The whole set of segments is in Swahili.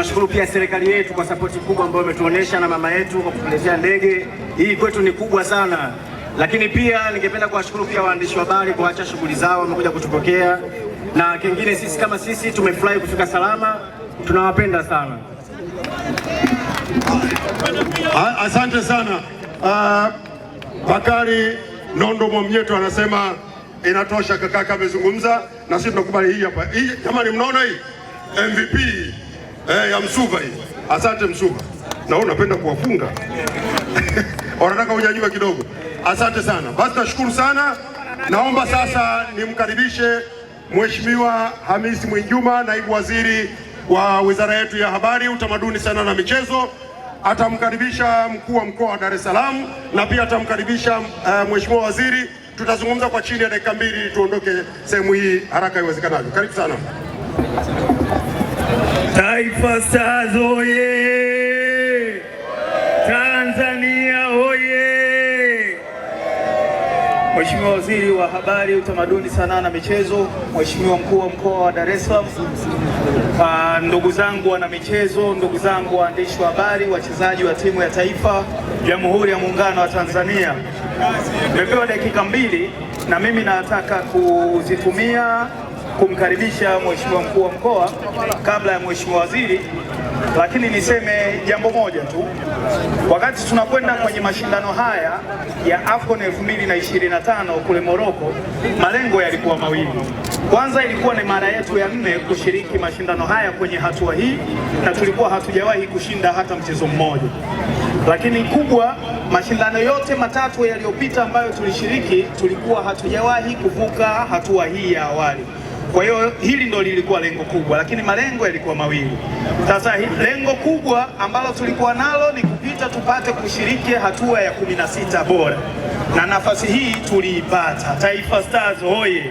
tunawashukuru pia serikali yetu kwa sapoti kubwa ambayo imetuonesha na mama yetu kwa kutuletea ndege hii, kwetu ni kubwa sana. Lakini pia ningependa kuwashukuru pia waandishi wa habari kuacha shughuli zao, wamekuja kutupokea, na kingine sisi kama sisi tumefurahi kufika salama, tunawapenda sana. Asante sana. Uh, Bakari Nondo Mwamnyeto anasema inatosha, kakaka amezungumza na sisi tunakubali hii hapa. Hii jamani, mnaona hii MVP eh, ya Msuva hii. Asante Msuva, na wewe unapenda kuwafunga wanataka unyanyua kidogo. Asante sana, basi nashukuru sana. Naomba sasa nimkaribishe Mheshimiwa Hamisi Mwinjuma, naibu waziri wa wizara yetu ya habari, utamaduni sana na michezo. Atamkaribisha mkuu wa mkoa wa Dar es Salaam na pia atamkaribisha uh, mheshimiwa waziri. Tutazungumza kwa chini ya dakika mbili tuondoke sehemu hii haraka iwezekanavyo. Karibu sana. Taifa Stars oye! Tanzania oye! Mheshimiwa Waziri wa Habari, Utamaduni, Sanaa na Michezo, Mheshimiwa Mkuu wa Mkoa wa Dar es Salaam, ah, ndugu zangu wana michezo, ndugu zangu waandishi wa habari, wachezaji wa timu ya taifa Jamhuri ya Muungano wa Tanzania, nimepewa dakika mbili na mimi nataka kuzitumia kumkaribisha mheshimiwa mkuu wa mkoa kabla ya mheshimiwa waziri, lakini niseme jambo moja tu. Wakati tunakwenda kwenye mashindano haya ya AFCON 2025 kule Morocco, malengo yalikuwa mawili. Kwanza ilikuwa ni mara yetu ya nne kushiriki mashindano haya kwenye hatua hii, na tulikuwa hatujawahi kushinda hata mchezo mmoja. Lakini kubwa, mashindano yote matatu yaliyopita ambayo tulishiriki, tulikuwa hatujawahi kuvuka hatua hii ya awali. Kwa hiyo hili ndo lilikuwa lengo kubwa, lakini malengo yalikuwa mawili. Sasa lengo kubwa ambalo tulikuwa nalo ni sita tupate kushiriki hatua ya kumi na sita bora, na nafasi hii tuliipata. Taifa Stars hoye!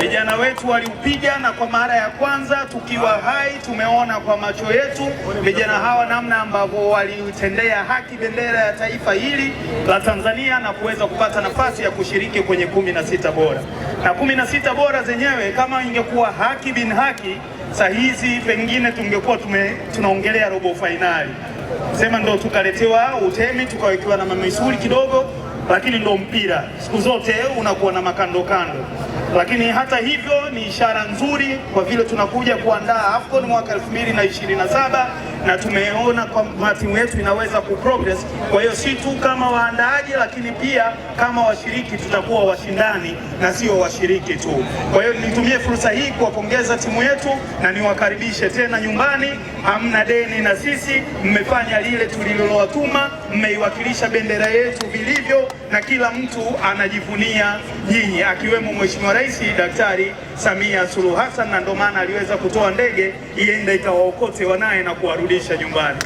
Vijana wetu waliupiga, na kwa mara ya kwanza tukiwa hai tumeona kwa macho yetu vijana hawa namna ambavyo walitendea haki bendera ya taifa hili la Tanzania na kuweza kupata nafasi ya kushiriki kwenye kumi na sita bora. Na kumi na sita bora zenyewe kama ingekuwa haki bin haki, saa hizi pengine tungekuwa tume tunaongelea robo fainali sema ndo tukaletewa utemi tukawekewa na mamisuli kidogo, lakini ndo mpira siku zote unakuwa na makando kando, lakini hata hivyo ni ishara nzuri kwa vile tunakuja kuandaa AFCON mwaka 2027 na tumeona kwamba timu yetu inaweza kuprogress. Kwa hiyo si tu kama waandaaji, lakini pia kama washiriki tutakuwa washindani na sio washiriki tu. Kwa hiyo nitumie fursa hii kuwapongeza timu yetu na niwakaribishe tena nyumbani. Hamna deni na sisi, mmefanya lile tulilowatuma, mmeiwakilisha bendera yetu vilivyo, na kila mtu anajivunia nyinyi, akiwemo Mheshimiwa Rais Daktari Samia Suluhu Hassan, na ndio maana aliweza kutoa ndege iende ikawaokote wanaye na kuwarudisha nyumbani.